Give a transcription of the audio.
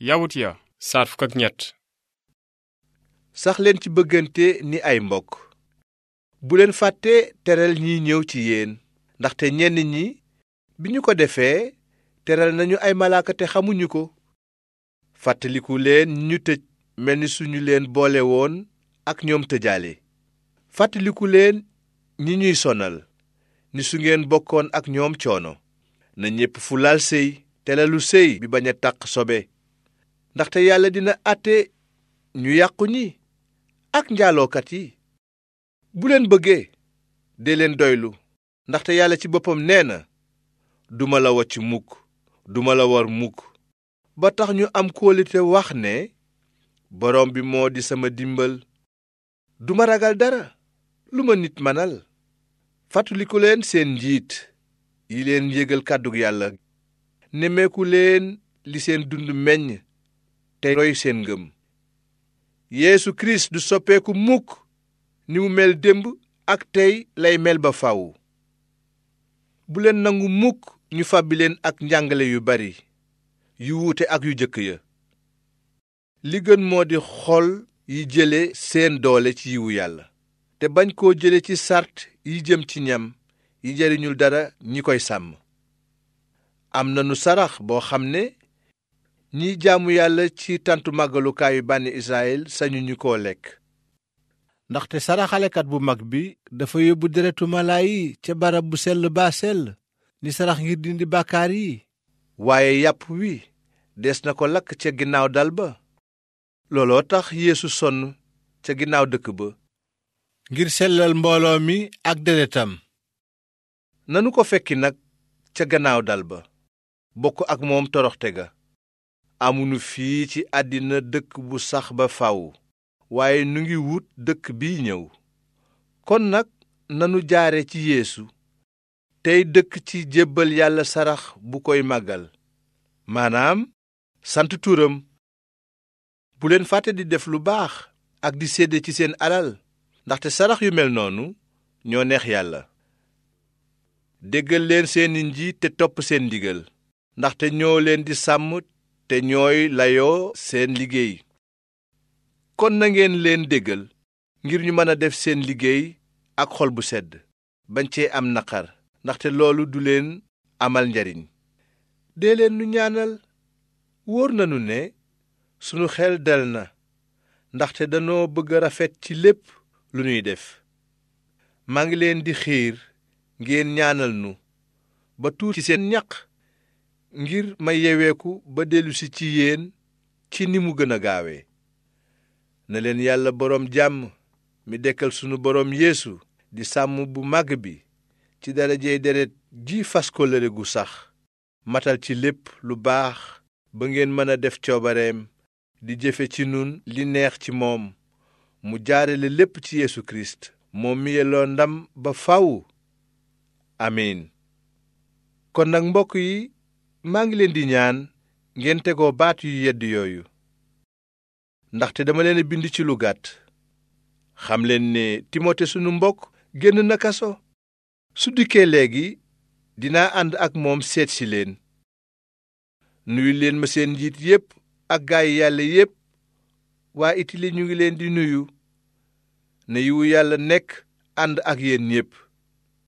yawut ya ñett sax leen ci bëggante ni ay mbokk bu leen fàtte teral ñiy ñëw ci yéen ndaxte ñenn ñi bi ñu ko defee teral nañu ay malaaka te xamuñu ko fàttaliku leen ñu tëj mel ni suñu leen boolewoon ak ñoom tëjaale fàttaliku leen ñi ñuy sonal ni su ngeen bokkoon ak ñoom coono na ñépp fulaal séy te lu séy bi bañ a taq sobe ndaxte yàlla dina àtte ñu yàqu ñi ak njaalookat yi bu leen bëggee dee leen doylu ndaxte yàlla ci boppam nee na duma la wacc mukk duma la war mukk ba tax ñu am kóolite wax ne borom bi moo di sama dimbal duma ragal dara lu ma nit manal fàttaliku leen seen njiit yi leen yégal kàddug yàlla nemeeku leen li seen dund meññ te roy seen ngëm Yeesu Kirist du soppeeku mukk ni mu mel démb ak tey lay mel ba faw buleen nangu mukk ñu fàbbi leen ak njàngale yu bari yu wuute ak yu jëkk ya li gën moo di xol yi jële seen doole ci yiwu yàlla te bañ koo jële ci sart yi jëm ci ñam yi jariñul dara ñi koy sàmm am nanu sarax boo xam ne ñiy jaamu yàlla ci tantu màggalukaayu bànni Israyil sañuñu ko lekk ndaxte saraxalekat bu mag bi dafa yóbbu deretu mala yi ca barab bu sell baa sell ni sarax ngir dindi bàkkaar yi waaye yàpp wi des na ko lakk ca ginnaaw dal ba looloo tax yéesu sonn ca ginnaaw dëkk ba ngir sellal mbooloo mi ak deretam nanu ko fekki nag ca gannaaw dal ba bokk ak moom toroxte ga amunu fii ci àddina dëkk bu sax ba faw waaye nu ngi wut dëkk bi ñëw kon nag nanu jaare ci yéesu tey dëkk ci jébbal yàlla sarax bu koy màggal maanaam sant turam bu leen fàtte di def lu baax ak di sedd ci seen alal ndaxte sarax yu mel noonu ñoo neex yàlla déggal leen seeni njiit te topp seen ndigal ndaxte ñoo leen di sàmm te ñooy layoo seen liggéey kon na ngeen leen déggal ngir ñu mën a def seen liggéey ak xol bu sedd bañ cee am naqar ndaxte loolu du leen amal njariñ dee leen nu ñaanal wóor nanu ne sunu xel dal na ndaxte danoo bëgg rafet ci lépp lu ñuy def maa ngi leen di xiir ngeen ñaanal nu ba tuur ci seen ñaq ngir ma yeweeku ba dellusi ci yéen ci ni mu gëna gaawe gaawee na leen yàlla boroom jàmm mi dekkal sunu boroom yeesu di sàmm bu màgg bi ci darajey deret ji fas kóllëre gu sax matal ci lépp lu baax ba ngeen mëna def coobareem di jëfe ci nun li neex ci moom mu jaarale lépp ci yeesu kirist moom mi yelloo ndam ba faw amiin kon nag mbokk yi maa ngi leen di ñaan ngeen tegoo baat yu yedd yooyu ndaxte dama leen a bind ci lu gàtt xam leen ne timote sunu mbokk génn na kaso su dikkee léegi dinaa ànd ak moom seet si leen nuyu leen ma seen njiit yépp ak gaay yàlla yépp waa itili ñu ngi leen di nuyu ne yiwu yàlla nekk ànd ak yéen yépp